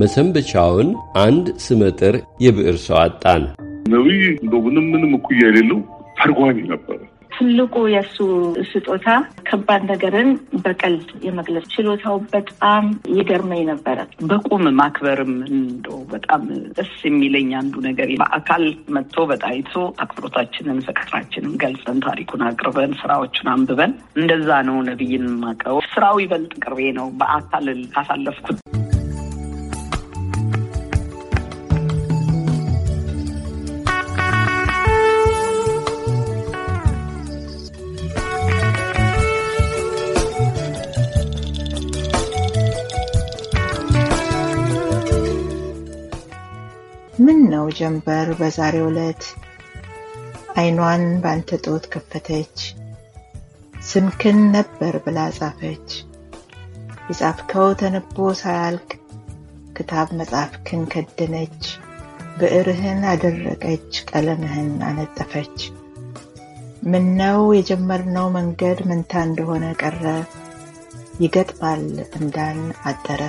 መሰንበቻውን አንድ ስመጥር የብዕር ሰው አጣን። ነብይ እንደ ምንም ምንም እኩያ የሌለው ተርጓሚ ነበረ። ትልቁ የእሱ ስጦታ ከባድ ነገርን በቀልድ የመግለጽ ችሎታው በጣም ይገርመኝ ነበረ። በቁም ማክበርም እንደው በጣም ደስ የሚለኝ አንዱ ነገር በአካል መጥቶ በጣይቶ አክብሮታችንን፣ ፍቅራችንን ገልጸን ታሪኩን አቅርበን ስራዎቹን አንብበን እንደዛ ነው ነብይን ማቀው። ስራው ይበልጥ ቅርቤ ነው በአካል ካሳለፍኩት ምን ነው ጀንበር በዛሬው ዕለት አይኗን በአንተ ጦት ከፈተች፣ ስምክን ነበር ብላ ጻፈች። የጻፍከው ተነቦ ሳያልቅ ክታብ መጻፍክን ከደነች፣ ብዕርህን አደረቀች፣ ቀለምህን አነጠፈች። ምነው የጀመርነው መንገድ መንታ እንደሆነ ቀረ፣ ይገጥማል እንዳን አጠረ።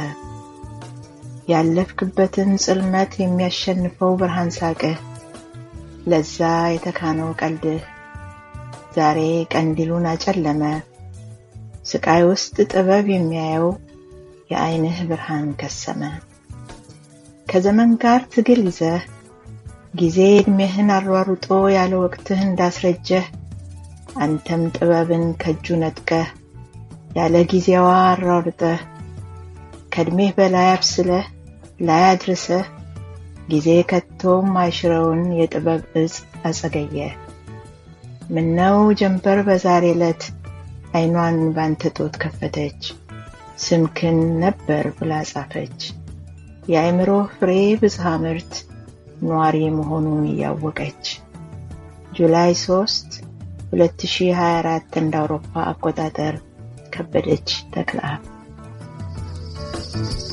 ያለፍክበትን ጽልመት የሚያሸንፈው ብርሃን ሳቅህ ለዛ የተካነው ቀልድህ ዛሬ ቀንዲሉን አጨለመ። ስቃይ ውስጥ ጥበብ የሚያየው የአይንህ ብርሃን ከሰመ። ከዘመን ጋር ትግል ይዘህ ጊዜ ዕድሜህን አሯሩጦ ያለ ወቅትህ እንዳስረጀህ አንተም ጥበብን ከእጁ ነጥቀህ ያለ ጊዜዋ አሯርጠህ ከዕድሜህ በላይ አብስለህ ላይ አድርሰህ ጊዜ ከቶም ማይሽረውን የጥበብ እጽ አጸገየ። ምነው ጀንበር በዛሬ ዕለት አይኗን ባንተ ጦት ከፈተች፣ ስምክን ነበር ብላ ጻፈች። የአእምሮ ፍሬ ብዝሃ ምርት ኗሪ መሆኑን እያወቀች ጁላይ 3 2024 እንደ አውሮፓ አቆጣጠር ከበደች you.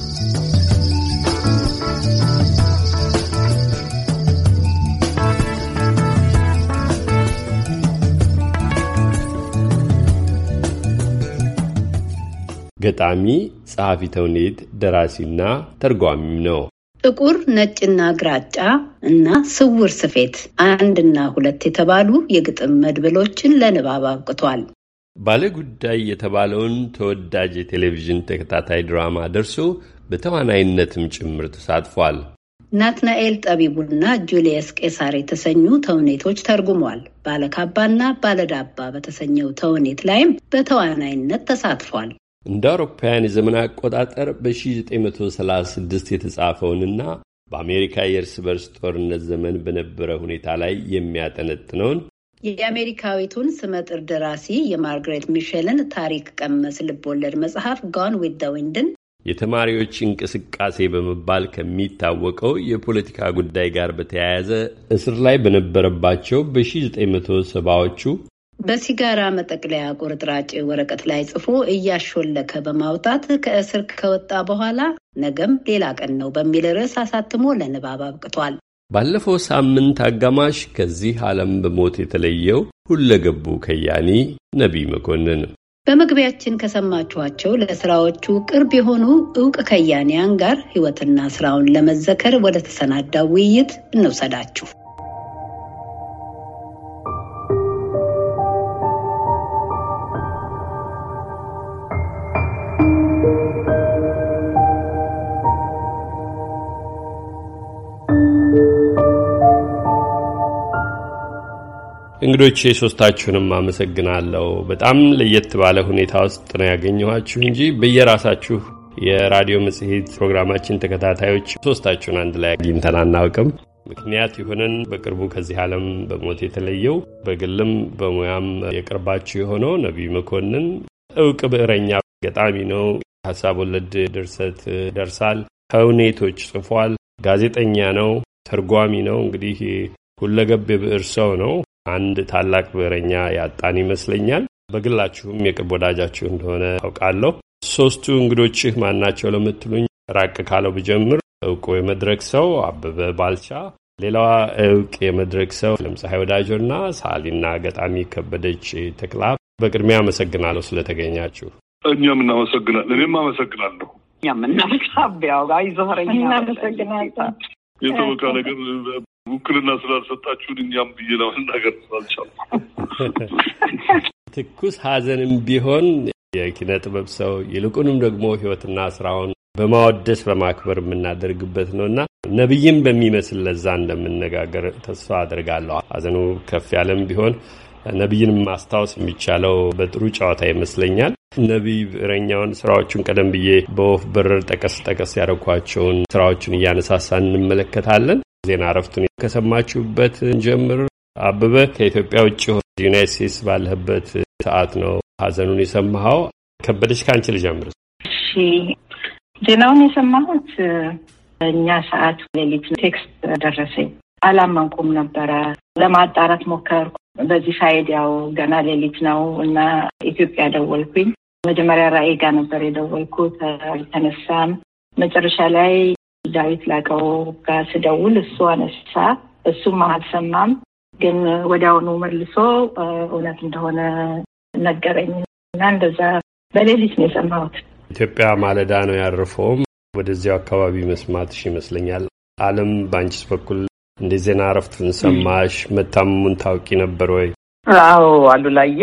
ገጣሚ፣ ጸሐፊ ተውኔት፣ ደራሲና ተርጓሚም ነው። ጥቁር፣ ነጭና ግራጫ እና ስውር ስፌት አንድና ሁለት የተባሉ የግጥም መድበሎችን ለንባብ አብቅቷል። ባለ ጉዳይ የተባለውን ተወዳጅ የቴሌቪዥን ተከታታይ ድራማ ደርሶ በተዋናይነትም ጭምር ተሳትፏል። ናትናኤል ጠቢቡና ጁልየስ ቄሳር የተሰኙ ተውኔቶች ተርጉሟል። ባለካባና ባለዳባ በተሰኘው ተውኔት ላይም በተዋናይነት ተሳትፏል። እንደ አውሮፓውያን የዘመን አቆጣጠር በ1936 የተጻፈውንና በአሜሪካ የእርስ በርስ ጦርነት ዘመን በነበረ ሁኔታ ላይ የሚያጠነጥነውን የአሜሪካዊቱን ስመጥር ደራሲ የማርግሬት ሚሼልን ታሪክ ቀመስ ልብወለድ መጽሐፍ ጋን ዊት ደ ዊንድን የተማሪዎች እንቅስቃሴ በመባል ከሚታወቀው የፖለቲካ ጉዳይ ጋር በተያያዘ እስር ላይ በነበረባቸው በ1970ዎቹ በሲጋራ መጠቅለያ ቁርጥራጭ ወረቀት ላይ ጽፎ እያሾለከ በማውጣት ከእስር ከወጣ በኋላ ነገም ሌላ ቀን ነው በሚል ርዕስ አሳትሞ ለንባብ አብቅቷል። ባለፈው ሳምንት አጋማሽ ከዚህ ዓለም በሞት የተለየው ሁለገቡ ከያኒ ነቢይ መኮንን በመግቢያችን ከሰማችኋቸው ለስራዎቹ ቅርብ የሆኑ እውቅ ከያኒያን ጋር ሕይወትና ስራውን ለመዘከር ወደ ተሰናዳው ውይይት እንውሰዳችሁ። እንግዶች ሶስታችሁንም አመሰግናለሁ። በጣም ለየት ባለ ሁኔታ ውስጥ ነው ያገኘኋችሁ እንጂ በየራሳችሁ የራዲዮ መጽሔት ፕሮግራማችን ተከታታዮች ሶስታችሁን አንድ ላይ አግኝተን አናውቅም። ምክንያት ይሁንን በቅርቡ ከዚህ ዓለም በሞት የተለየው በግልም በሙያም የቅርባችሁ የሆነው ነቢይ መኮንን እውቅ ብዕረኛ ገጣሚ ነው። ሀሳብ ወለድ ድርሰት ደርሳል፣ ተውኔቶች ጽፏል። ጋዜጠኛ ነው፣ ተርጓሚ ነው። እንግዲህ ሁለገብ የብዕር ሰው ነው። አንድ ታላቅ ብዕረኛ ያጣን ይመስለኛል። በግላችሁም የቅርብ ወዳጃችሁ እንደሆነ አውቃለሁ። ሶስቱ እንግዶችህ ማናቸው ለምትሉኝ ራቅ ካለው ብጀምር እውቁ የመድረክ ሰው አበበ ባልቻ፣ ሌላዋ እውቅ የመድረክ ሰው ለምፀሐይ ወዳጆና ሳሊና ገጣሚ ከበደች ተክላ። በቅድሚያ አመሰግናለሁ ስለተገኛችሁ። እኛም እናመሰግናል። እኔም አመሰግናለሁ። እኛም እናመሰግናለሁ። የተወካ ነገር ውክልና ስላልሰጣችሁን እኛም ብዬ ለመናገር ስላልቻልኩ ትኩስ ሀዘንም ቢሆን የኪነ ጥበብ ሰው ይልቁንም ደግሞ ህይወትና ስራውን በማወደስ በማክበር የምናደርግበት ነው እና ነቢይም በሚመስል ለዛ እንደምነጋገር ተስፋ አድርጋለሁ። ሀዘኑ ከፍ ያለም ቢሆን ነቢይን ማስታወስ የሚቻለው በጥሩ ጨዋታ ይመስለኛል። ነቢይ ብዕረኛውን ስራዎቹን ቀደም ብዬ በወፍ በረር ጠቀስ ጠቀስ ያደረኳቸውን ስራዎቹን እያነሳሳ እንመለከታለን። ዜና እረፍቱን ከሰማችሁበት ጀምር። አበበ ከኢትዮጵያ ውጭ ዩናይት ስቴትስ ባለህበት ሰዓት ነው ሀዘኑን የሰማኸው። ከበደች ከአንቺ ልጀምር። ዜናውን የሰማሁት እኛ ሰዓት ሌሊት ቴክስት ደረሰኝ። አላመንኩም ነበረ። ለማጣራት ሞከርኩ። በዚህ ሳይድ ያው ገና ሌሊት ነው እና ኢትዮጵያ ደወልኩኝ። መጀመሪያ ራዕይ ጋር ነበር የደወልኩት፣ አልተነሳም። መጨረሻ ላይ ዳዊት ላቀው ጋር ስደውል እሱ አነሳ። እሱም አልሰማም፣ ግን ወዲያውኑ መልሶ እውነት እንደሆነ ነገረኝ እና እንደዛ በሌሊት ነው የሰማሁት። ኢትዮጵያ ማለዳ ነው ያረፈውም። ወደዚያው አካባቢ መስማትሽ ይመስለኛል። አለም በአንቺስ በኩል እንደ ዜና እረፍቱን ሰማሽ? መታመሙን ታውቂ ነበር ወይ? አዎ አሉላዬ፣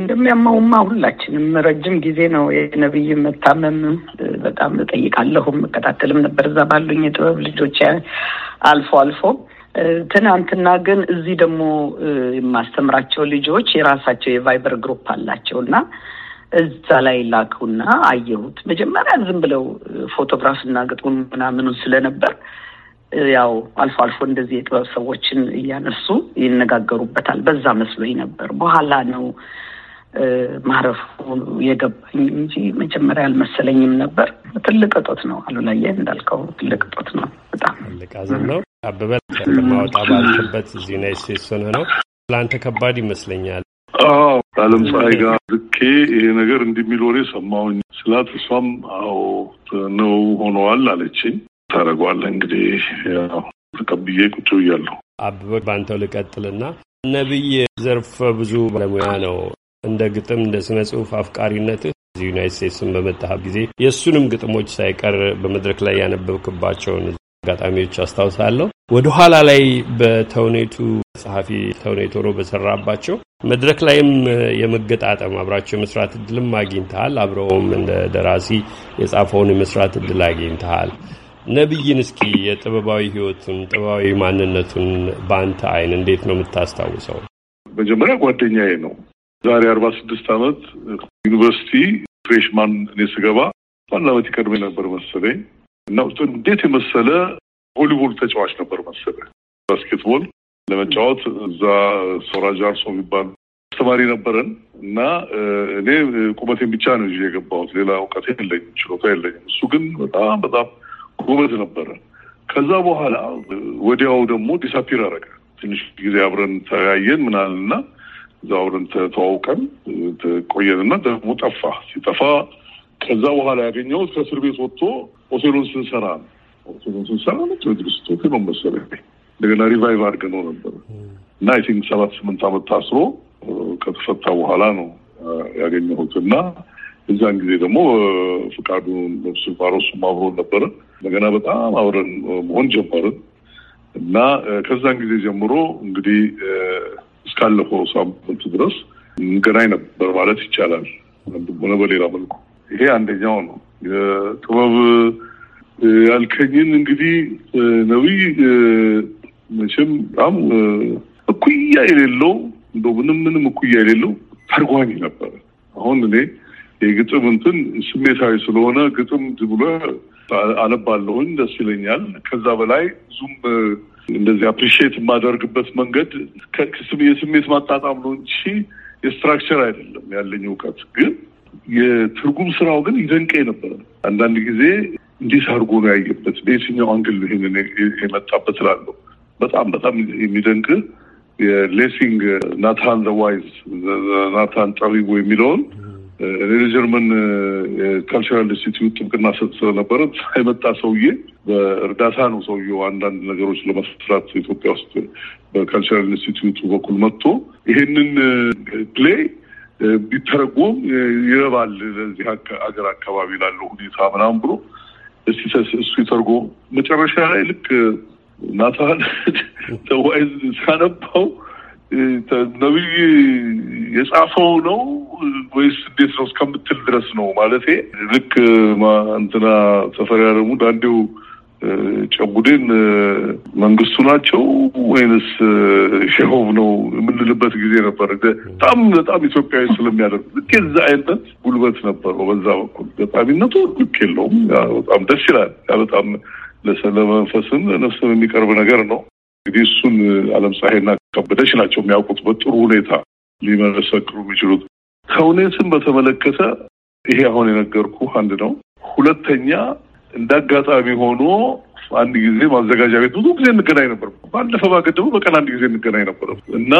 እንደሚያማውማ ሁላችንም ረጅም ጊዜ ነው የነብይ መታመም። በጣም እጠይቃለሁም እከታተልም ነበር እዛ ባሉኝ የጥበብ ልጆች አልፎ አልፎ ትናንትና ግን እዚህ ደግሞ የማስተምራቸው ልጆች የራሳቸው የቫይበር ግሩፕ አላቸው እና እዛ ላይ ላኩና አየሁት። መጀመሪያ ዝም ብለው ፎቶግራፍ እና ግጥሙን ምናምኑን ስለነበር ያው አልፎ አልፎ እንደዚህ የጥበብ ሰዎችን እያነሱ ይነጋገሩበታል። በዛ መስሎኝ ነበር። በኋላ ነው ማረፉ የገባኝ እንጂ መጀመሪያ አልመሰለኝም ነበር። ትልቅ እጦት ነው አሉላ፣ እንዳልከው ትልቅ እጦት ነው። በጣም ትልቅ ሐዘን ነው። አበበ ማወጣ ባልክበት እዚህ ዩናይት ስቴትስ ሆነ ነው ለአንተ ከባድ ይመስለኛል። አዎ ከዓለም ፀሐይ ጋር ልኬ ይሄ ነገር እንዲህ የሚል ወሬ ሰማሁኝ ስላት እሷም አዎ ነው ሆነዋል አለችኝ። ታደርገዋለህ። እንግዲህ ያው ተቀብዬ ቁጭ ብያለሁ። አበበ ባንተው ልቀጥልና ነቢይ ዘርፈ ብዙ ባለሙያ ነው። እንደ ግጥም እንደ ስነ ጽሁፍ አፍቃሪነትህ እዚህ ዩናይት ስቴትስን በመጣህ ጊዜ የእሱንም ግጥሞች ሳይቀር በመድረክ ላይ ያነበብክባቸውን አጋጣሚዎች አስታውሳለሁ። ወደ ኋላ ላይ በተውኔቱ ጸሐፊ ተውኔት ሆኖ በሰራባቸው መድረክ ላይም የመገጣጠም አብራቸው የመስራት እድልም አግኝተሃል። አብረውም እንደ ደራሲ የጻፈውን የመስራት እድል አግኝተሃል። ነቢይን እስኪ የጥበባዊ ህይወቱን ጥበባዊ ማንነቱን በአንተ አይን እንዴት ነው የምታስታውሰው? መጀመሪያ ጓደኛዬ ነው። ዛሬ አርባ ስድስት ዓመት ዩኒቨርሲቲ ፍሬሽማን እኔ ስገባ ዋና ዓመት ይቀድሜ ነበር መሰለኝ እና እንዴት የመሰለ ቮሊቦል ተጫዋች ነበር መሰለ ባስኬትቦል ለመጫወት እዛ ሶራ ጃርሶ የሚባል አስተማሪ ነበረን እና እኔ ቁመቴን ብቻ ነው ይዤ የገባሁት። ሌላ እውቀቴ የለኝም፣ ችሎታ የለኝም። እሱ ግን በጣም በጣም ጎበዝ ነበረ። ከዛ በኋላ ወዲያው ደግሞ ዲሳፒር አረገ። ትንሽ ጊዜ አብረን ተያየን ምናምን እና እዛ አብረን ተተዋውቀን ቆየንና ደግሞ ጠፋ። ሲጠፋ ከዛ በኋላ ያገኘው ከእስር ቤት ወጥቶ ኦሴሎን ስንሰራ ነው። ኦሴሎን ስንሰራ ነው ቴዎድሮስ ነው መሰለኝ እንደገና ሪቫይቭ አድርገነው ነበር እና አይ ቲንክ ሰባት ስምንት አመት ታስሮ ከተፈታ በኋላ ነው ያገኘሁት እና እዛን ጊዜ ደግሞ ፍቃዱ ነብሱ ፋሮሱም አብሮን ነበረ። እንደገና በጣም አብረን መሆን ጀመርን እና ከዛን ጊዜ ጀምሮ እንግዲህ እስካለፈው ሳምንት ድረስ እንገናኝ ነበር ማለት ይቻላል። ሆነ በሌላ መልኩ ይሄ አንደኛው ነው። የጥበብ ያልከኝን እንግዲህ ነቢይ መቼም በጣም እኩያ የሌለው እንደ ምንም ምንም እኩያ የሌለው ተርጓሚ ነበረ። አሁን እኔ የግጥም እንትን ስሜታዊ ስለሆነ ግጥም ብሎ አነባለሁኝ፣ ደስ ይለኛል። ከዛ በላይ ብዙም እንደዚህ አፕሪሺየት የማደርግበት መንገድ የስሜት ማጣጣም ነው እንጂ የስትራክቸር አይደለም ያለኝ እውቀት። ግን የትርጉም ስራው ግን ይደንቀኝ ነበረ። አንዳንድ ጊዜ እንዴት አድርጎ ነው ያየበት፣ በየትኛው አንግል ይህንን የመጣበት እላለሁ። በጣም በጣም የሚደንቅ የሌሲንግ ናታን ዘዋይዝ ናታን ጠቢቡ የሚለውን እኔ ጀርመን ካልቸራል ኢንስቲትዩት ጥብቅና ሰጥ ስለነበረ የመጣ ሰውዬ በእርዳታ ነው ሰውየው አንዳንድ ነገሮች ለመስራት ኢትዮጵያ ውስጥ በካልቸራል ኢንስቲትዩቱ በኩል መጥቶ ይሄንን ፕሌይ ቢተረጎም ይረባል ለዚህ ሀገር አካባቢ ላለው ሁኔታ ምናምን ብሎ እሱ ይተርጎም መጨረሻ ላይ ልክ ናታል ተዋይ ሳነባው ነቢይ የጻፈው ነው ወይስ እንዴት ነው እስከምትል ድረስ ነው ማለት ልክ እንትና ተፈሪ ደግሞ ዳንዴው ጨጉዴን መንግስቱ ናቸው ወይንስ ሸሆብ ነው የምንልበት ጊዜ ነበር። በጣም በጣም ኢትዮጵያዊ ስለሚያደርግ ልክ የዛ አይነት ጉልበት ነበረው። በዛ በኩል ገጣሚነቱ ልክ የለውም። በጣም ደስ ይላል። በጣም ለመንፈስም ለነፍስም የሚቀርብ ነገር ነው። እንግዲህ እሱን አለም ፀሐይና ከበደች ናቸው የሚያውቁት በጥሩ ሁኔታ ሊመሰክሩ የሚችሉት። ከሁኔትን በተመለከተ ይሄ አሁን የነገርኩ አንድ ነው። ሁለተኛ እንደ አጋጣሚ ሆኖ አንድ ጊዜ ማዘጋጃ ቤት ብዙ ጊዜ እንገናኝ ነበር። ባለፈ ባገደቡ በቀን አንድ ጊዜ እንገናኝ ነበር እና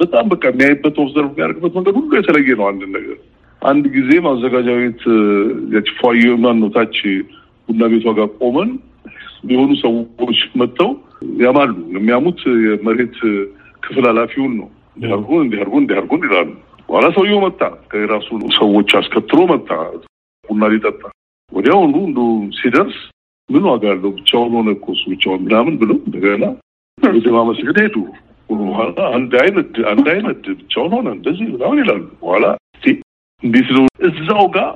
በጣም በቃ የሚያይበት ኦብዘርቭ የሚያደርግበት መንገድ ሁሉ የተለየ ነው። አንድ ነገር አንድ ጊዜ ማዘጋጃ ቤት ያች ፏየ ማን ነው ታች ቡና ቤቷ ጋር ቆመን የሆኑ ሰዎች መጥተው ያማሉ። የሚያሙት የመሬት ክፍል ኃላፊውን ነው። እንዲያርጉን እንዲያርጉን እንዲያርጉን ይላሉ። በኋላ ሰውየው መጣ፣ ከራሱ ሰዎች አስከትሎ መጣ። ቡና ሊጠጣ ወዲያውኑ እንዱ ሲደርስ ምን ዋጋ አለው ብቻውን ሆነ እኮ እሱ ብቻውን ምናምን ብሎ እንደገና ቤተማ መስገድ ሄዱ። በኋላ አንድ አይነት አንድ አይነት ብቻውን ሆነ እንደዚህ ምናምን ይላሉ። በኋላ እንዲህ ስለ እዛው ጋር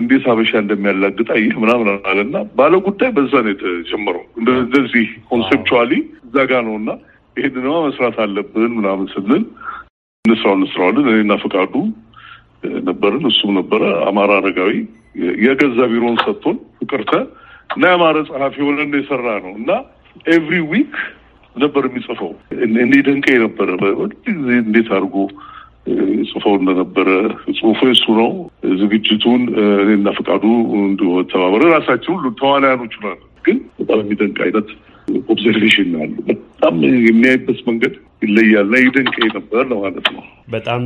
እንዴት ሀበሻ እንደሚያላግጥ አየህ ምናምን አለና ባለ ጉዳይ በዛ ነው የተጀመረው። እንደዚህ ኮንሴፕቹዋሊ እዛ ጋ ነው እና ይሄንንማ መስራት አለብን ምናምን ስንል እንስራው እንስራዋለን እኔና ፈቃዱ ነበርን። እሱም ነበረ አማራ አረጋዊ የገዛ ቢሮን ሰጥቶን ፍቅርተ እና የማረ ጸሐፊ ሆነን የሰራ ነው እና ኤቭሪ ዊክ ነበር የሚጽፈው። እኔ ደንቀኝ ነበረ እንዴት አድርጎ ጽፈው እንደነበረ ጽሁፉ እሱ ነው። ዝግጅቱን እኔና ፈቃዱ እንዲሁ ተባበረ ራሳችን ሁሉ ተዋናያኖች ግን በጣም የሚደንቅ አይነት ኦብዘርቬሽን ያሉ በጣም የሚያይበት መንገድ ይለያልና ይደንቀኝ ነበር ለማለት ነው። በጣም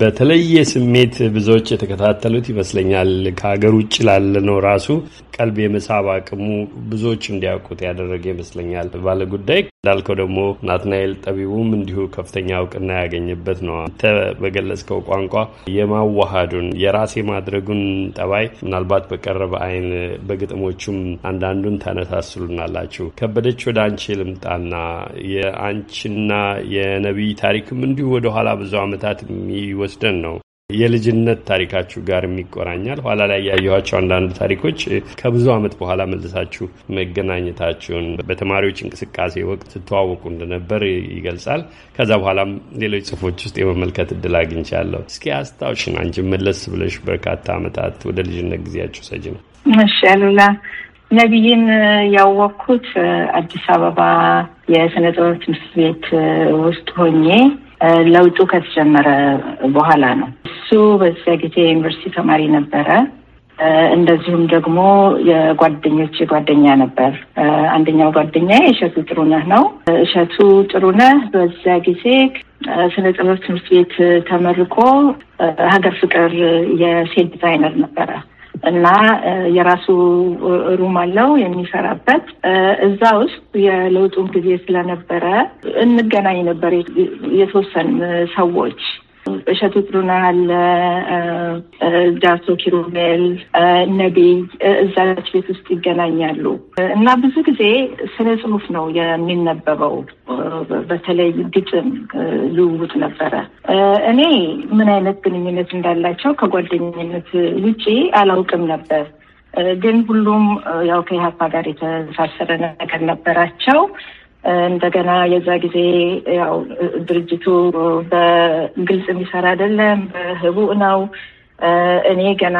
በተለየ ስሜት ብዙዎች የተከታተሉት ይመስለኛል። ከሀገር ውጭ ላለ ነው ራሱ ቀልብ የመሳብ አቅሙ ብዙዎች እንዲያውቁት ያደረገ ይመስለኛል። ባለጉዳይ እንዳልከው ደግሞ ናትናኤል ጠቢቡም እንዲሁ ከፍተኛ እውቅና ያገኘበት ነው። አንተ በገለጽከው ቋንቋ የማዋሃዱን የራሴ ማድረጉን ጠባይ ምናልባት በቀረበ አይን በግጥሞቹም አንዳንዱን ታነሳስሉናላችሁ። ከበደች ወደ አንቺ ልምጣና የአንቺና የነቢይ ታሪክም እንዲሁ ወደ ኋላ ብዙ ዓመታት የሚወስደን ነው። የልጅነት ታሪካችሁ ጋር የሚቆራኛል። ኋላ ላይ ያየኋቸው አንዳንድ ታሪኮች ከብዙ ዓመት በኋላ መልሳችሁ መገናኘታችሁን በተማሪዎች እንቅስቃሴ ወቅት ስትዋወቁ እንደነበር ይገልጻል። ከዛ በኋላም ሌሎች ጽሁፎች ውስጥ የመመልከት እድል አግኝቻለሁ። እስኪ አስታውሽን አንቺ መለስ ብለሽ በርካታ ዓመታት ወደ ልጅነት ጊዜያችሁ ሰጅ ነው። እሺ አሉላ ነቢይን ያወቅኩት አዲስ አበባ የስነ ጥበብ ትምህርት ቤት ውስጥ ሆኜ ለውጡ ከተጀመረ በኋላ ነው። እሱ በዚያ ጊዜ ዩኒቨርሲቲ ተማሪ ነበረ። እንደዚሁም ደግሞ የጓደኞች ጓደኛ ነበር። አንደኛው ጓደኛ እሸቱ ጥሩነህ ነው። እሸቱ ጥሩነህ በዚያ ጊዜ ስነ ጥበብ ትምህርት ቤት ተመርቆ ሀገር ፍቅር የሴት ዲዛይነር ነበረ እና የራሱ ሩም አለው የሚሰራበት። እዛ ውስጥ የለውጡን ጊዜ ስለነበረ እንገናኝ ነበር የተወሰን ሰዎች እሸቱ ጥሩነህ አለ፣ ዳርቶ ኪሩቤል፣ ነቢይ እዛች ቤት ውስጥ ይገናኛሉ እና ብዙ ጊዜ ስነ ጽሁፍ ነው የሚነበበው። በተለይ ግጥም ልውውጥ ነበረ። እኔ ምን አይነት ግንኙነት እንዳላቸው ከጓደኝነት ውጪ አላውቅም ነበር ግን ሁሉም ያው ከኢህአፓ ጋር የተሳሰረ ነገር ነበራቸው። እንደገና የዛ ጊዜ ያው ድርጅቱ በግልጽ የሚሰራ አይደለም፣ በህቡዕ ነው። እኔ ገና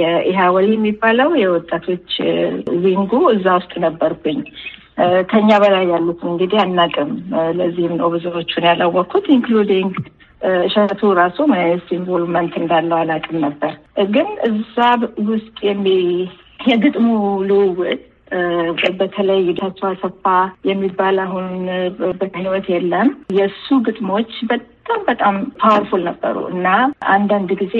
የኢሃወሊ የሚባለው የወጣቶች ዊንጉ እዛ ውስጥ ነበርኩኝ። ከኛ በላይ ያሉትን እንግዲህ አናቅም። ለዚህም ነው ብዙዎቹን ያላወቅኩት ኢንክሉዲንግ እሸቱ ራሱ ማየስ ኢንቮልቭመንት እንዳለው አላውቅም ነበር። ግን እዛ ውስጥ የሚ የግጥሙ ልውውጥ በተለይ ጌታቸው አሰፋ የሚባል አሁን በህይወት የለም። የእሱ ግጥሞች በጣም በጣም በጣም ፓወርፉል ነበሩ እና አንዳንድ ጊዜ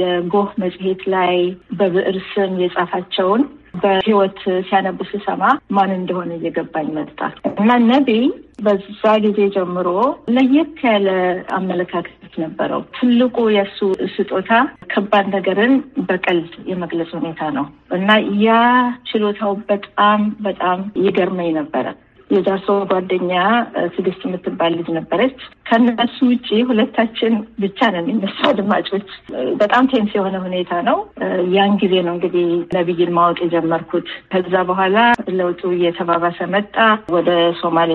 የጎህ መጽሔት ላይ በብዕር ስም የጻፋቸውን በህይወት ሲያነብ ስሰማ ማን እንደሆነ እየገባኝ መጣል እና ነቢይ በዛ ጊዜ ጀምሮ ለየት ያለ አመለካከት ነበረው። ትልቁ የእሱ ስጦታ ከባድ ነገርን በቀልድ የመግለጽ ሁኔታ ነው እና ያ ችሎታው በጣም በጣም ይገርመኝ ነበረ። የዛሶ ጓደኛ ትዕግስት የምትባል ልጅ ነበረች። ከነሱ ውጭ ሁለታችን ብቻ ነው የሚነሱ አድማጮች። በጣም ቴንስ የሆነ ሁኔታ ነው። ያን ጊዜ ነው እንግዲህ ነብይን ማወቅ የጀመርኩት። ከዛ በኋላ ለውጡ እየተባባሰ መጣ። ወደ ሶማሌ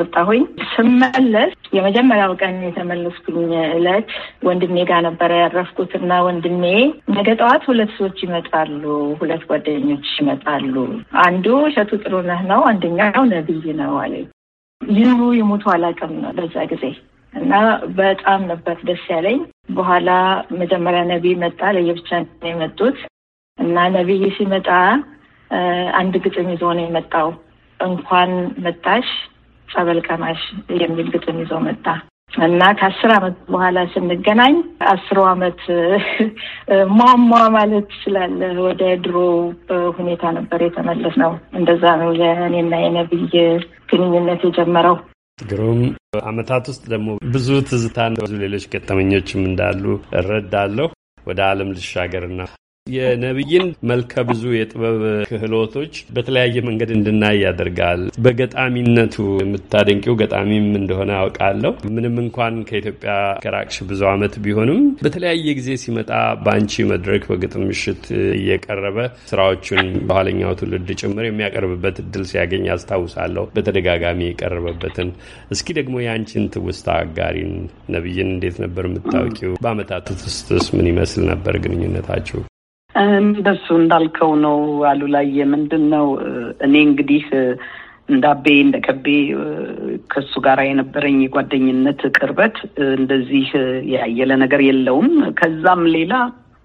ወጣሁኝ። ስመለስ የመጀመሪያው ቀን የተመለስኩኝ እለት ወንድሜ ጋር ነበረ ያረፍኩት እና ወንድሜ ነገ ጠዋት ሁለት ሰዎች ይመጣሉ፣ ሁለት ጓደኞች ይመጣሉ። አንዱ እሸቱ ጥሩነህ ነው፣ አንደኛው ነብይ ነው አለኝ። የሞቱ ይሞቱ ነው በዛ ጊዜ እና በጣም ነበር ደስ ያለኝ። በኋላ መጀመሪያ ነቢይ መጣ። ለየብቻ የመጡት እና ነቢይ ሲመጣ አንድ ግጥም ይዞ ነው የመጣው። እንኳን መጣሽ ጸበል ቀማሽ የሚል ግጥም ይዞ መጣ። እና ከአስር አመት በኋላ ስንገናኝ አስሩ አመት ሟሟ ማለት ስላለ ወደ ድሮ ሁኔታ ነበር የተመለስ ነው። እንደዛ ነው የእኔና የነብይ ግንኙነት የጀመረው። ግሩም አመታት ውስጥ ደግሞ ብዙ ትዝታ፣ ብዙ ሌሎች ገጠመኞችም እንዳሉ እረዳለሁ። ወደ አለም ልሻገርና የነቢይን መልከ ብዙ የጥበብ ክህሎቶች በተለያየ መንገድ እንድናይ ያደርጋል። በገጣሚነቱ የምታደንቂው ገጣሚም እንደሆነ አውቃለሁ። ምንም እንኳን ከኢትዮጵያ ከራቅሽ ብዙ ዓመት ቢሆንም በተለያየ ጊዜ ሲመጣ በአንቺ መድረክ በግጥም ምሽት እየቀረበ ስራዎቹን በኋለኛው ትውልድ ጭምር የሚያቀርብበት እድል ሲያገኝ ያስታውሳለሁ። በተደጋጋሚ የቀረበበትን እስኪ ደግሞ የአንቺን ትውስታ አጋሪን። ነቢይን እንዴት ነበር የምታውቂው? በአመታት ውስጥስ ምን ይመስል ነበር ግንኙነታችሁ? እንደሱ እንዳልከው ነው አሉ ላይ የምንድን ነው እኔ እንግዲህ እንደ አቤ እንደ ከቤ ከሱ ጋር የነበረኝ የጓደኝነት ቅርበት እንደዚህ ያየለ ነገር የለውም። ከዛም ሌላ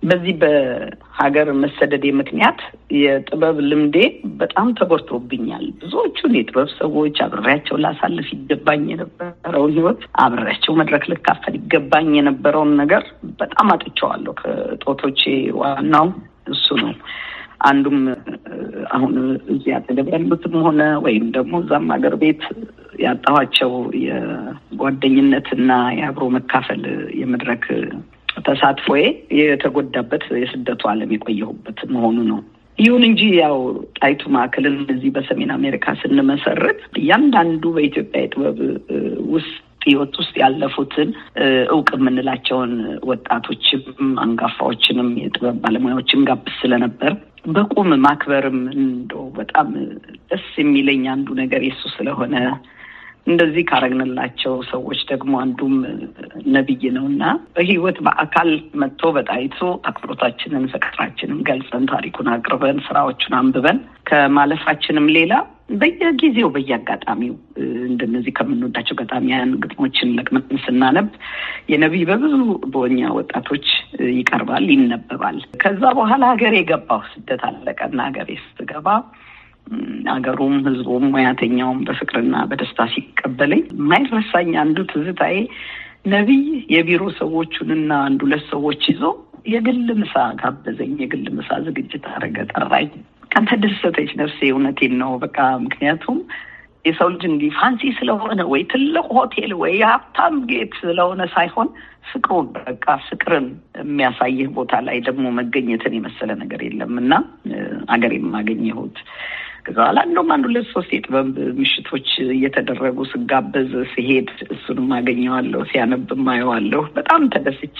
በዚህ በሀገር መሰደዴ ምክንያት የጥበብ ልምዴ በጣም ተጎድቶብኛል። ብዙዎቹን የጥበብ ሰዎች አብሬያቸው ላሳልፍ ይገባኝ የነበረውን ህይወት አብሬያቸው መድረክ ልካፈል ይገባኝ የነበረውን ነገር በጣም አጥቸዋለሁ። ከጦቶቼ ዋናው እሱ ነው። አንዱም አሁን እዚህ አጠገብ ያሉትም ሆነ ወይም ደግሞ እዛም ሀገር ቤት ያጣኋቸው የጓደኝነትና የአብሮ መካፈል የመድረክ ተሳትፎዬ የተጎዳበት የስደቱ ዓለም የቆየሁበት መሆኑ ነው። ይሁን እንጂ ያው ጣይቱ ማዕከልን እዚህ በሰሜን አሜሪካ ስንመሰርት እያንዳንዱ በኢትዮጵያ የጥበብ ውስጥ ህይወት ውስጥ ያለፉትን እውቅ የምንላቸውን ወጣቶችም አንጋፋዎችንም የጥበብ ባለሙያዎችን ጋብስ ስለነበር በቁም ማክበርም እንደው በጣም ደስ የሚለኝ አንዱ ነገር የሱ ስለሆነ እንደዚህ ካረግንላቸው ሰዎች ደግሞ አንዱም ነቢይ ነው እና በህይወት በአካል መጥቶ በጣይቶ አክብሮታችንን ፍቅራችንን ገልጸን ታሪኩን አቅርበን ስራዎቹን አንብበን ከማለፋችንም ሌላ በየጊዜው በየአጋጣሚው እንደነዚህ ከምንወዳቸው ገጣሚያን ግጥሞችን ለቅመን ስናነብ የነቢይ በብዙ በኛ ወጣቶች ይቀርባል፣ ይነበባል። ከዛ በኋላ ሀገር የገባው ስደት አለቀና ሀገሬ ስገባ አገሩም ህዝቡም ሙያተኛውም በፍቅርና በደስታ ሲቀበለኝ የማይረሳኝ አንዱ ትዝታዬ ነቢይ የቢሮ ሰዎቹንና አንድ ሁለት ሰዎች ይዞ የግል ምሳ ጋበዘኝ። የግል ምሳ ዝግጅት አደረገ፣ ጠራኝ። ቀን ተደሰተች ነፍሴ። እውነቴን ነው በቃ ምክንያቱም የሰው ልጅ እንዲህ ፋንሲ ስለሆነ ወይ ትልቅ ሆቴል ወይ የሀብታም ጌት ስለሆነ ሳይሆን ፍቅሩን በቃ ፍቅርን የሚያሳይህ ቦታ ላይ ደግሞ መገኘትን የመሰለ ነገር የለም እና አገር የማገኘሁት ተጋግዘዋል። አንዱም አንድ ሁለት ሶስት የጥበብ ምሽቶች እየተደረጉ ስጋበዝ ሲሄድ እሱንም አገኘዋለሁ፣ ሲያነብም አየዋለሁ። በጣም ተደስቼ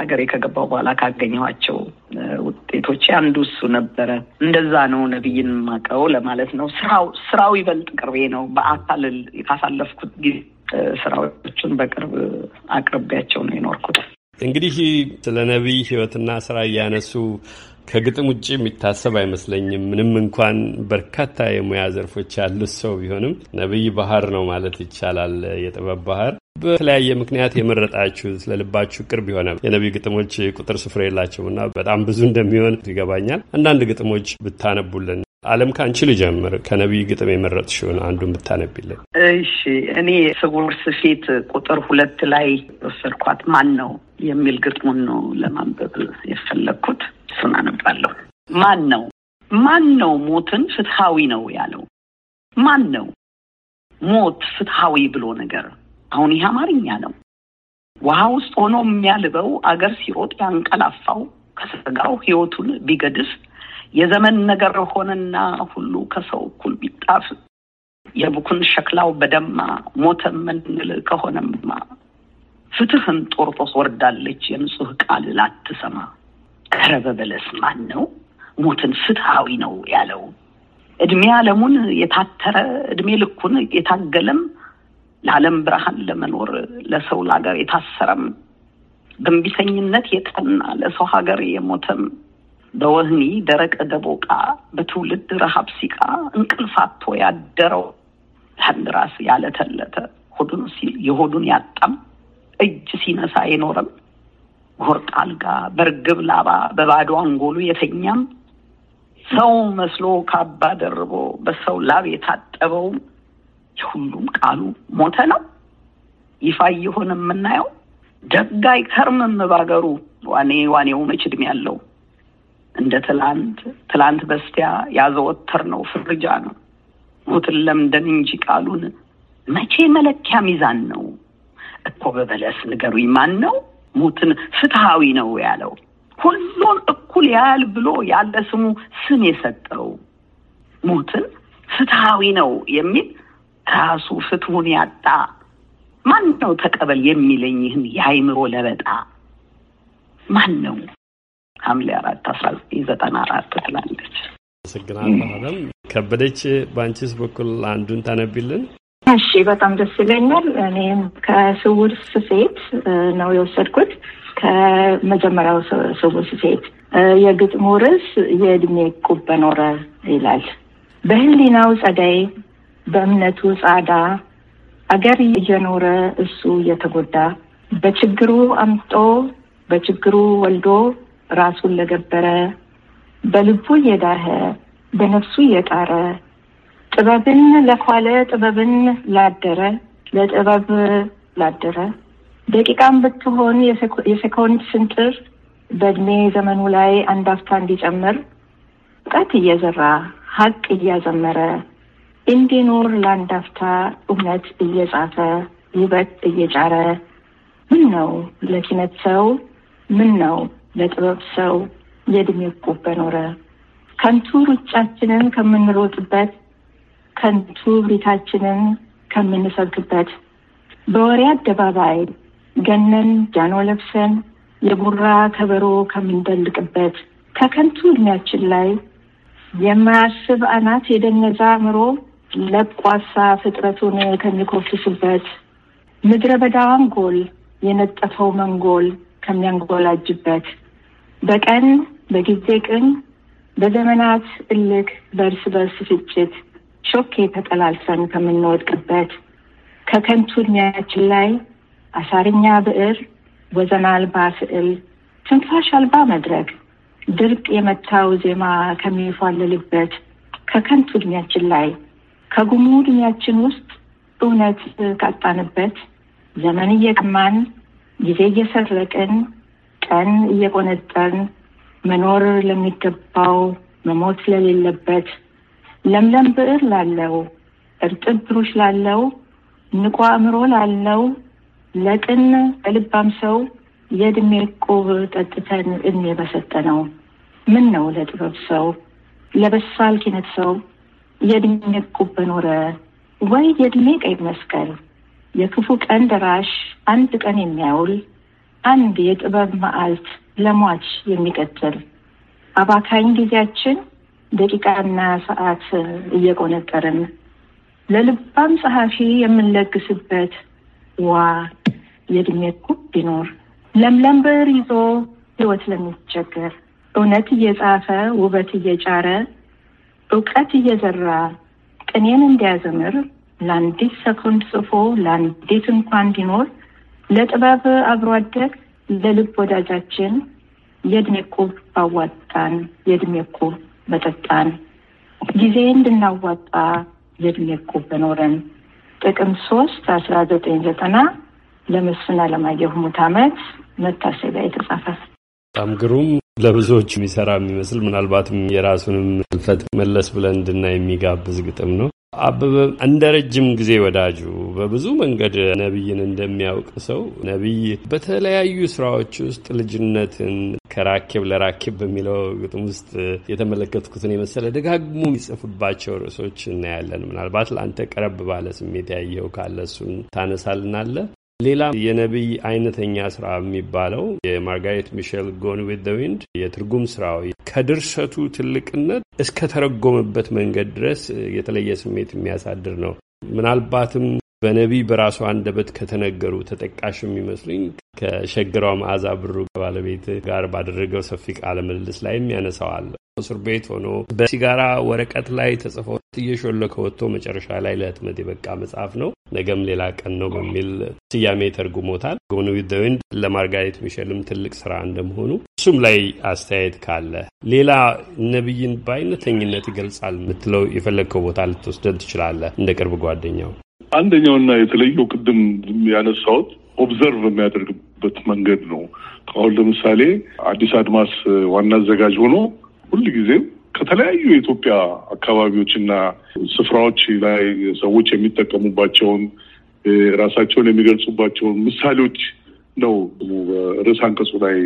አገሬ ከገባው በኋላ ካገኘኋቸው ውጤቶች አንዱ እሱ ነበረ። እንደዛ ነው ነብይን ማቀው ለማለት ነው። ስራው ስራው ይበልጥ ቅርቤ ነው። በአካል ካሳለፍኩት ጊዜ ስራዎቹን በቅርብ አቅርቤያቸው ነው የኖርኩት። እንግዲህ ስለ ነቢይ ህይወትና ስራ እያነሱ ከግጥም ውጭ የሚታሰብ አይመስለኝም። ምንም እንኳን በርካታ የሙያ ዘርፎች ያሉት ሰው ቢሆንም ነቢይ ባህር ነው ማለት ይቻላል። የጥበብ ባህር በተለያየ ምክንያት የመረጣችሁ ለልባችሁ ቅርብ የሆነ የነቢይ ግጥሞች ቁጥር ስፍር የላቸውና በጣም ብዙ እንደሚሆን ይገባኛል። አንዳንድ ግጥሞች ብታነቡልን አለም ከአንቺ ልጀምር። ከነቢዩ ግጥም የመረጥሽውን አንዱ ብታነቢልን። እሺ፣ እኔ ስውር ስፌት ቁጥር ሁለት ላይ ወሰድኳት ማን ነው የሚል ግጥሙን ነው ለማንበብ የፈለግኩት። እሱን አነባለሁ። ማን ነው ማን ነው ሞትን ፍትሐዊ ነው ያለው? ማን ነው ሞት ፍትሐዊ ብሎ ነገር? አሁን ይህ አማርኛ ነው። ውሃ ውስጥ ሆኖ የሚያልበው አገር ሲሮጥ ያንቀላፋው ከሰጋው ህይወቱን ቢገድስ የዘመን ነገር ሆነና ሁሉ ከሰው እኩል ቢጣፍ የቡኩን ሸክላው በደማ ሞተ ምንል ከሆነማ ፍትህን ጦርቶስ ወርዳለች የንጹህ ቃል ላትሰማ ከረበ በለስ ማን ነው ሞትን ፍትሃዊ ነው ያለው? እድሜ አለሙን የታተረ እድሜ ልኩን የታገለም ለዓለም ብርሃን ለመኖር ለሰው ለሀገር የታሰረም በእምቢተኝነት የጠና ለሰው ሀገር የሞተም በወህኒ ደረቀ ደቦቃ በትውልድ ረሃብ ሲቃ እንቅልፋቶ ያደረው ያደረው ራስ ያለተለተ ሆዱን ሲል የሆዱን ያጣም እጅ ሲነሳ አይኖርም ጎርጥ አልጋ በርግብ ላባ በባዶ አንጎሉ የተኛም ሰው መስሎ ካባ ደርቦ በሰው ላብ የታጠበውም የሁሉም ቃሉ ሞተ ነው ይፋ እየሆነ የምናየው ደግ አይከርምም ባገሩ ዋኔ ዋኔው መች ዕድሜ ያለው እንደ ትላንት ትላንት በስቲያ ያዘወተር ነው ፍርጃ ነው። ሞትን ለምደን እንጂ ቃሉን መቼ መለኪያ ሚዛን ነው እኮ በበለስ ንገሩኝ፣ ማን ነው ሞትን ፍትሐዊ ነው ያለው? ሁሉን እኩል ያህል ብሎ ያለ ስሙ ስም የሰጠው ሞትን ፍትሐዊ ነው የሚል ራሱ ፍትሁን ያጣ ማን ነው? ተቀበል የሚለኝ ይህን የአይምሮ ለበጣ ማን ነው? ሐምሌ አራት አስራ ዘጠኝ ዘጠና አራት ትላለች። አመሰግናለሁ አለም ከበደች። በአንቺስ በኩል አንዱን ታነቢልን? እሺ፣ በጣም ደስ ይለኛል። እኔም ከስውር ስሴት ነው የወሰድኩት። ከመጀመሪያው ስውር ስሴት የግጥሙ ርዕስ የእድሜ ቁብ በኖረ ይላል። በህሊናው ጸዳይ፣ በእምነቱ ጻዳ፣ አገር እየኖረ እሱ እየተጎዳ፣ በችግሩ አምጦ በችግሩ ወልዶ ራሱን ለገበረ በልቡ የዳኸ በነፍሱ የጣረ ጥበብን ለኳለ ጥበብን ላደረ ለጥበብ ላደረ ደቂቃም ብትሆን የሴኮንድ ስንጥር በእድሜ ዘመኑ ላይ አንድ አፍታ እንዲጨምር እውቀት እየዘራ ሀቅ እያዘመረ እንዲኖር ለአንድ አፍታ እውነት እየጻፈ ውበት እየጫረ ምን ነው ለኪነት ሰው ምን ነው ለጥበብ ሰው የእድሜ እቁብ በኖረ ከንቱ ሩጫችንን ከምንሮጥበት ከንቱ ብሪታችንን ከምንሰብክበት በወሬ አደባባይ ገነን ጃኖ ለብሰን የጉራ ከበሮ ከምንደልቅበት ከከንቱ እድሜያችን ላይ የማያስብ አናት የደነዛ ምሮ ለቋሳ ፍጥረቱን ከሚኮፍስበት ምድረ በዳዋን ጎል የነጠፈው መንጎል ከሚያንጎላጅበት በቀን በጊዜ ቅን በዘመናት እልክ በእርስ በርስ ፍጭት ሾኬ ተጠላልፈን ከምንወድቅበት ከከንቱ እድሜያችን ላይ አሳርኛ ብዕር ወዘና አልባ ስዕል ትንፋሽ አልባ መድረክ ድርቅ የመታው ዜማ ከሚፏልልበት ከከንቱ እድሜያችን ላይ ከጉሙ እድሜያችን ውስጥ እውነት ካጣንበት ዘመን እየቀማን ጊዜ እየሰረቅን ቀን እየቆነጠን መኖር ለሚገባው መሞት ስለሌለበት ለምለም ብዕር ላለው እርጥብ ብሩሽ ላለው ንቋ አእምሮ ላለው ለቅን በልባም ሰው የእድሜ ቁብ ጠጥተን እድሜ ነው። ምን ነው ለጥበብ ሰው ለበሳል ኪነት ሰው የእድሜ ቁብ በኖረ ወይ የእድሜ ቀይ መስቀል የክፉ ቀን ደራሽ አንድ ቀን የሚያውል አንድ የጥበብ መዓልት ለሟች የሚቀጥል አባካኝ ጊዜያችን ደቂቃና ሰዓት እየቆነጠርን ለልባም ጸሐፊ የምንለግስበት ዋ የእድሜ ኩብ ቢኖር ለምለም ብዕር ይዞ ህይወት ለሚቸገር እውነት እየጻፈ ውበት እየጫረ እውቀት እየዘራ ቅኔን እንዲያዘምር ለአንዲት ሰኮንድ ጽፎ ለአንዲት እንኳን እንዲኖር ለጥበብ አብሮ አደግ ለልብ ወዳጃችን የእድሜ እቁብ ባዋጣን የእድሜ እቁብ በጠጣን ጊዜ እንድናዋጣ የእድሜ እቁብ በኖረን ጥቅም ሶስት አስራ ዘጠኝ ዘጠና ለመስፍን አለማየሁ ሙት መታሰቢያ የተጻፈ በጣም ግሩም ለብዙዎች የሚሰራ የሚመስል ምናልባትም የራሱንም ህልፈት መለስ ብለን እንድና የሚጋብዝ ግጥም ነው። አበበ እንደ ረጅም ጊዜ ወዳጁ በብዙ መንገድ ነቢይን እንደሚያውቅ ሰው ነቢይ በተለያዩ ስራዎች ውስጥ ልጅነትን ከራኬብ ለራኬብ በሚለው ግጥም ውስጥ የተመለከትኩትን የመሰለ ደጋግሞ የሚጽፍባቸው ርዕሶች እናያለን። ምናልባት ለአንተ ቀረብ ባለ ስሜት ያየው ካለ እሱን ታነሳልናለህ። ሌላ የነቢይ አይነተኛ ስራ የሚባለው የማርጋሬት ሚሼል ጎን ዊዝ ዊንድ የትርጉም ስራው ከድርሰቱ ትልቅነት እስከ ተረጎመበት መንገድ ድረስ የተለየ ስሜት የሚያሳድር ነው። ምናልባትም በነቢይ በራሱ አንደበት ከተነገሩ ተጠቃሽ የሚመስሉኝ ከሸግሯ መዓዛ ብሩ ባለቤት ጋር ባደረገው ሰፊ ቃለ ምልልስ ላይም ያነሳዋል። እስር ቤት ሆኖ በሲጋራ ወረቀት ላይ ተጽፎ እየሾለከ ወጥቶ መጨረሻ ላይ ለህትመት የበቃ መጽሐፍ ነው። ነገም ሌላ ቀን ነው በሚል ስያሜ ተርጉሞታል። ጎን ዊዝ ዘ ዊንድ ለማርጋሬት ሚሸልም ትልቅ ስራ እንደመሆኑ እሱም ላይ አስተያየት ካለ ሌላ ነቢይን በአይነተኝነት ይገልጻል የምትለው የፈለግከው ቦታ ልትወስደን ትችላለህ እንደ ቅርብ ጓደኛው አንደኛውና የተለየው ቅድም ያነሳሁት ኦብዘርቭ የሚያደርግበት መንገድ ነው። አሁን ለምሳሌ አዲስ አድማስ ዋና አዘጋጅ ሆኖ ሁልጊዜም ከተለያዩ የኢትዮጵያ አካባቢዎችና ስፍራዎች ላይ ሰዎች የሚጠቀሙባቸውን ራሳቸውን የሚገልጹባቸውን ምሳሌዎች ነው ርዕስ አንቀጹ ላይ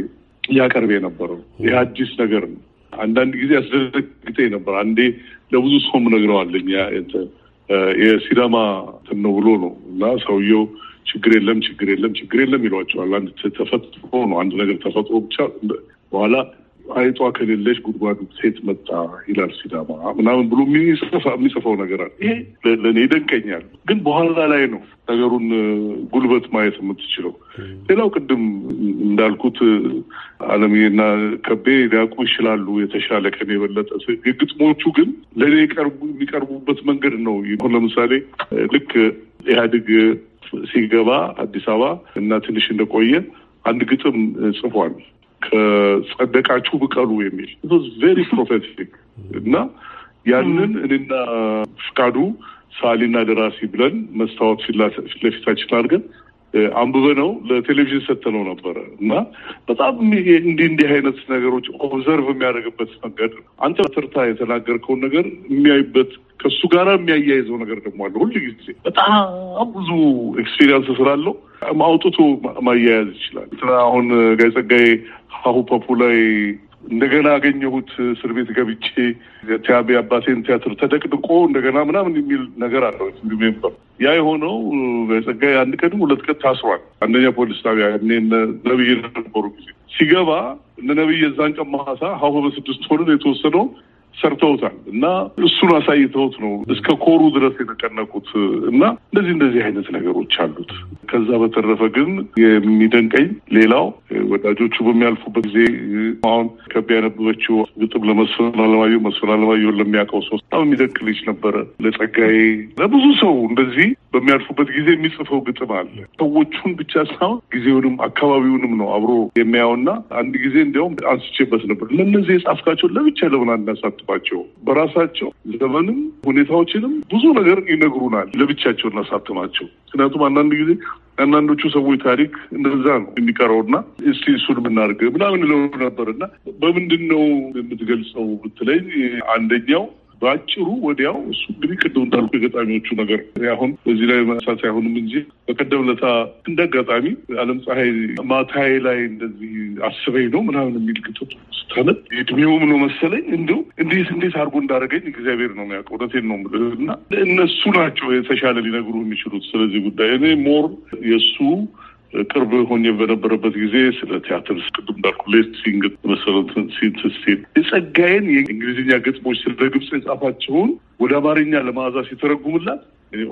ያቀርብ የነበረው። ይህ አዲስ ነገር ነው። አንዳንድ ጊዜ ያስደነግጠ ነበር። አንዴ ለብዙ ሰውም ነግረዋለኝ የሲዳማ ነው ብሎ ነው እና ሰውየው ችግር የለም ችግር የለም ችግር የለም ይሏቸዋል። አንድ ተፈጥሮ ነው አንድ ነገር ተፈጥሮ ብቻ በኋላ አይጧ ከሌለች ጉድጓዱ ሴት መጣ ይላል ሲዳማ ምናምን ብሎ የሚጽፈው ነገር አለ። ይሄ ለእኔ ይደንቀኛል። ግን በኋላ ላይ ነው ነገሩን ጉልበት ማየት የምትችለው። ሌላው ቅድም እንዳልኩት አለምና ከቤ ሊያውቁ ይችላሉ የተሻለ ከኔ የበለጠ። የግጥሞቹ ግን ለእኔ የሚቀርቡበት መንገድ ነው። ለምሳሌ ልክ ኢህአዴግ ሲገባ አዲስ አበባ እና ትንሽ እንደቆየ አንድ ግጥም ጽፏል። ከጸደቃችሁ ብቀሉ የሚል ቬሪ ፕሮፌቲክ እና ያንን እኔና ፍቃዱ ሳሊና ደራሲ ብለን መስታወት ፊት ለፊታችን አድርገን አንብበ ነው ለቴሌቪዥን ሰተነው ነበረ እና በጣም እንዲህ እንዲህ አይነት ነገሮች ኦብዘርቭ የሚያደርግበት መንገድ አንተ ትርታ የተናገርከውን ነገር የሚያይበት ከሱ ጋር የሚያያይዘው ነገር ደግሞ አለ። ሁሉ ጊዜ በጣም ብዙ ኤክስፔሪንስ ስላለው አውጥቶ ማያያዝ ይችላል። አሁን ጋይ ሀሁ ፓፑ ላይ እንደገና አገኘሁት እስር ቤት ገብቼ ቲያቤ አባቴን ቲያትር ተደቅድቆ እንደገና ምናምን የሚል ነገር አለው። ያ የሆነው ጸጋዬ አንድ ቀድም ሁለት ቀን ታስሯል። አንደኛ ፖሊስ ጣቢያ እኔ ነብይ ነበሩ ጊዜ ሲገባ እነ ነብይ የዛን ቀን ማሳ ሀሁ በስድስት ሆንን የተወሰነው ሰርተውታል እና እሱን አሳይተውት ነው እስከ ኮሩ ድረስ የተጨነቁት እና እንደዚህ እንደዚህ አይነት ነገሮች አሉት። ከዛ በተረፈ ግን የሚደንቀኝ ሌላው ወዳጆቹ በሚያልፉበት ጊዜ አሁን ከቢ ያነበበችው ግጥም ለመስፍን አለማየሁ መስፍን አለማየሁን ለሚያውቀው ሰው በጣም የሚደንቅ ልጅ ነበረ። ለጸጋዬ፣ ለብዙ ሰው እንደዚህ በሚያልፉበት ጊዜ የሚጽፈው ግጥም አለ። ሰዎቹን ብቻ ሳይሆን ጊዜውንም አካባቢውንም ነው አብሮ የሚያውና አንድ ጊዜ እንዲያውም አንስቼበት ነበር። ለእነዚህ የጻፍካቸው ለብቻ ለምን አናሳትባቸው? በራሳቸው ዘመንም ሁኔታዎችንም ብዙ ነገር ይነግሩናል። ለብቻቸው እናሳትማቸው። ምክንያቱም አንዳንድ ጊዜ አንዳንዶቹ ሰዎች ታሪክ እንደዛ ነው የሚቀረውና እስቲ እሱን ብናደርግ ምናምን ለው ነበር እና በምንድን ነው የምትገልጸው ብትለኝ አንደኛው በአጭሩ ወዲያው እሱ እንግዲህ ቅድም እንዳልኩ የገጣሚዎቹ ነገር አሁን በዚህ ላይ መሳሳይ አይሆንም እንጂ በቀደም ለታ እንደ አጋጣሚ አለም ፀሐይ ማታዬ ላይ እንደዚህ አስበኝ ነው ምናምን የሚል ግጥም ስታነብ የእድሜውም ነው መሰለኝ እንዲሁ እንዴት እንዴት አድርጎ እንዳደረገኝ እግዚአብሔር ነው የሚያውቀው። እውነቴን ነው የምልህ እና እነሱ ናቸው የተሻለ ሊነግሩ የሚችሉት ስለዚህ ጉዳይ እኔ ሞር የእሱ ቅርብ ሆኜ በነበረበት ጊዜ ስለ ቲያትር ቅድም እንዳልኩ ሌስቲንግ መሰረትን ሲንትስቴን የጸጋዬን የእንግሊዝኛ ገጥሞች ስለ ግብጽ የጻፋቸውን ወደ አማርኛ ለመዓዛ ሲተረጉምላት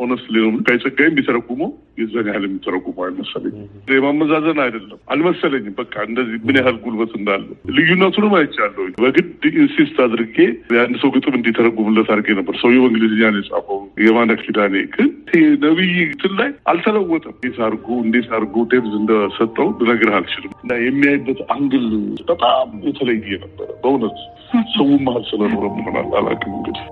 ኦነስት ኦነስ ጋይጸጋይ የሚተረጉመው የዛን ያህል የሚተረጉመው አይመሰለኝም። የማመዛዘን አይደለም አልመሰለኝም። በቃ እንደዚህ ምን ያህል ጉልበት እንዳለው ልዩነቱንም አይቻለሁ። በግድ ኢንሲስት አድርጌ የአንድ ሰው ግጥም እንዲተረጉምለት አድርጌ ነበር። ሰውየው በእንግሊዝኛ ነው የጻፈው የማነ ኪዳኔ። ግን ነቢይ ግትን ላይ አልተለወጠም። እንዴት አድርጎ እንዴት አድርጎ ቴብዝ እንደሰጠው ልነግርህ አልችልም። እና የሚያይበት አንግል በጣም የተለየ ነበረ በእውነት ሰውም መሀል ስለኖረ ምሆናል አላውቅም እንግዲህ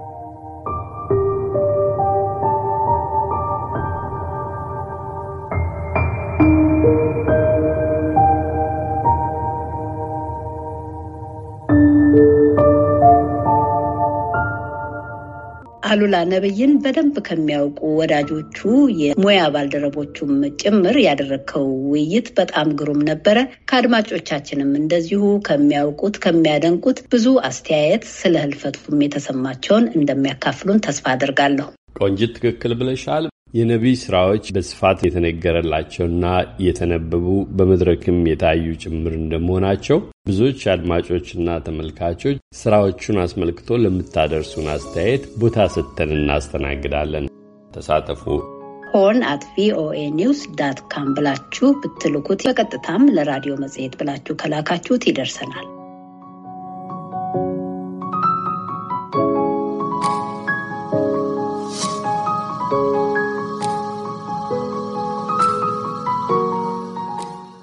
አሉላ ነብይን በደንብ ከሚያውቁ ወዳጆቹ የሙያ ባልደረቦቹም ጭምር ያደረግከው ውይይት በጣም ግሩም ነበረ። ከአድማጮቻችንም እንደዚሁ ከሚያውቁት ከሚያደንቁት ብዙ አስተያየት ስለ ህልፈቱም የተሰማቸውን እንደሚያካፍሉን ተስፋ አድርጋለሁ። ቆንጅት፣ ትክክል ብለሻል። የነቢይ ስራዎች በስፋት የተነገረላቸውና የተነበቡ በመድረክም የታዩ ጭምር እንደመሆናቸው ብዙዎች አድማጮችና ተመልካቾች ስራዎቹን አስመልክቶ ለምታደርሱን አስተያየት ቦታ ሰጥተን እናስተናግዳለን። ተሳተፉ። ሆርን አት ቪኦኤ ኒውስ ዳት ካም ብላችሁ ብትልኩት፣ በቀጥታም ለራዲዮ መጽሔት ብላችሁ ከላካችሁት ይደርሰናል።